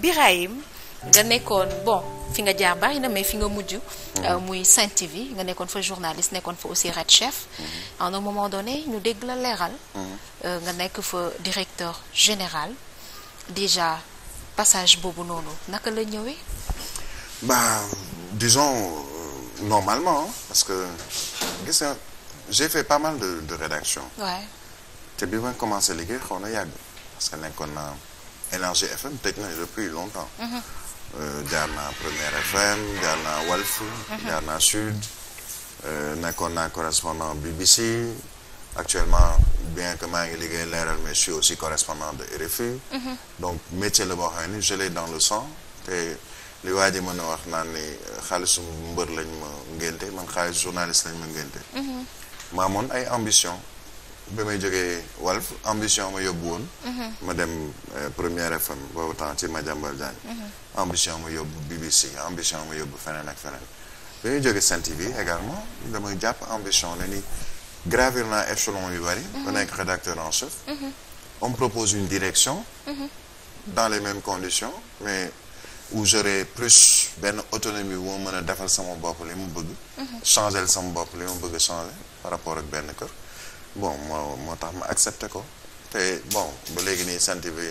Birahim nga nekkoon bon fi nga jaar bari na mais fi nga mujj. Mhm. Euh, muy Sen TV nga nekkoon fa journaliste nekkoon fa aussi red chef. Mhm. en un moment donné ñu dégg la leeral. Mhm. Euh, nga nekk fa directeur général déjà passage boobu noonu naka la ñëwee. bah disons euh, normalement parce que gis nga j'ai fait pas mal de rédaction. te bi ma commencé liggéey xaw na yàgg nekkoon naa. énergie FM tëj na depuis longtemps mhm. euh, jaar naa Première FM jaar naa Walf mhm. jaar naa Sud euh, nekkoon naa correspondant BBC actuellement bien que maa ngi liggéey leeral mais je suis aussi correspondant de RFI mhm. donc métier la boo xam ni jële dans le sang te li waa ji mën a wax naan ni euh, xaalisu mbër lañ ma ngénte man xaalis journaliste lañ ma ngénte ma ay ambition bi may jógee Walf ambition ma yóbbu woon. Mhm. ma dem euh, première FM boobu temps ci jàmbal Diagne. Mhm. ambition ma yóbbu BBC ambition ma yóbbu feneen ak feneen. bi ñuy jógee Sen TV également jàpp ambition ne ni gravir naa échelon yu bari. Mhm. ba nekk rédacteur en chef. direction. dans les mêmes conditions mais. où j'aurai plus benn autonomie bu ma mën a defal sama bopp li mu bëgg. changer sama bopp li mu bëgg changer par rapport ak benn kër. bon moo moo tax ma accepté ko te bon ba léegi nii sant bi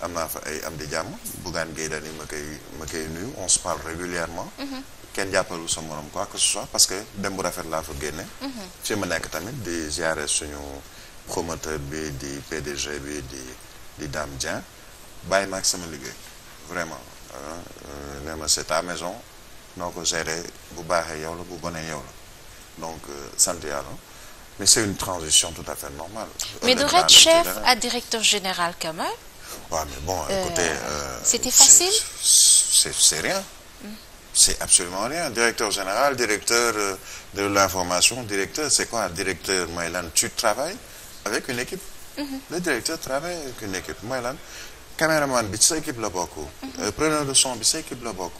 am naa fa ay am di jàmm Bougane Gueye Dany ma koy ma koy nuyu on se parle régulièrement mm-hmm. kenn jàppalul sa morom quoi que ce parce que dem bu rafet laa fa génne mm-hmm. fi ma nekk tamit di ziare suñu promoteur bi di PDG bi di di Dame Dieng bàyyi ma ak sama liggéey vraiment euh, nee ma c'est ta maison noo ko géré bu baaxee yow la bu bonee yow la donc euh, sant yàlla Mais c'est une transition tout à fait normale. Mais de chef à directeur général quand même. Ouais, mais euh, euh, C'est rien. Mm. C'est absolument rien. Directeur général, directeur euh, de l'information, directeur, c'est quoi Directeur, Maïlan, tu travailles avec une équipe. Mm-hmm. Le directeur travaille avec une équipe. Maïlan, caméraman bi ci sa équipe la bokk mm-hmm. preneur de son bi sa équipe bokk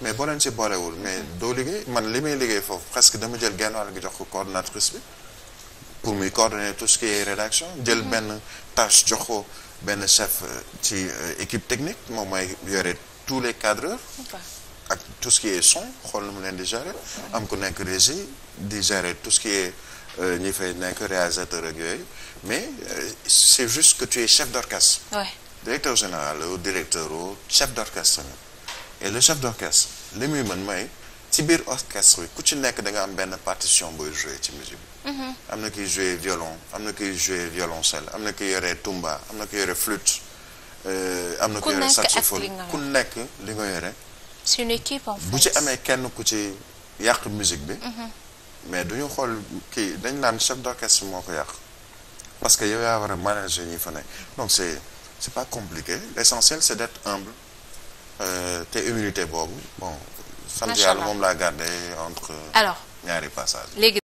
mais boo leen ci boolewul mais doo man li may liggéey foofu presque dama jël genn wàll gi jox ko coordonnatrice bi pour muy coordonner tout ce qui est rédaction jël mhm. benn tâche jox ko benn chef euh, ci euh, équipe technique moom mooy yore tous les cadreurs ak tout ce qui est son xool na mu leen di gérer mhm. am ku nekk régie di gérer tout ce qui est euh, ñi fay nekk réalisateur ak yooyu mais c'est juste que tu es chef d'orchestre ouais. directeur général directeur chef d'orchestre le chef d'orchestre li muy mën mooy ci biir orchestre bi ku ci nekk da nga am benn partition booy jouer ci musique bi. Mhm. am na kuy jouer violon am na kuy jouer violoncelle am na kuy yore tumba am na kuy yore flûte. Euh, am na kuy yore saxophone ku nekk li nga yore. c'est une équipe en fait. bu ci amee kenn ku ci yàq musique bi. Mhm. mais du ñu xool kii dañ naan chef d'orchestre moo ko yàq. parce que yow yaa war a manager ñi fa nekk donc c'est c'est pas compliqué l'essentiel c'est d'être humble euh, te humilité boobu sant yàlla moom laa gardé entre. alors ñaari passage léegi.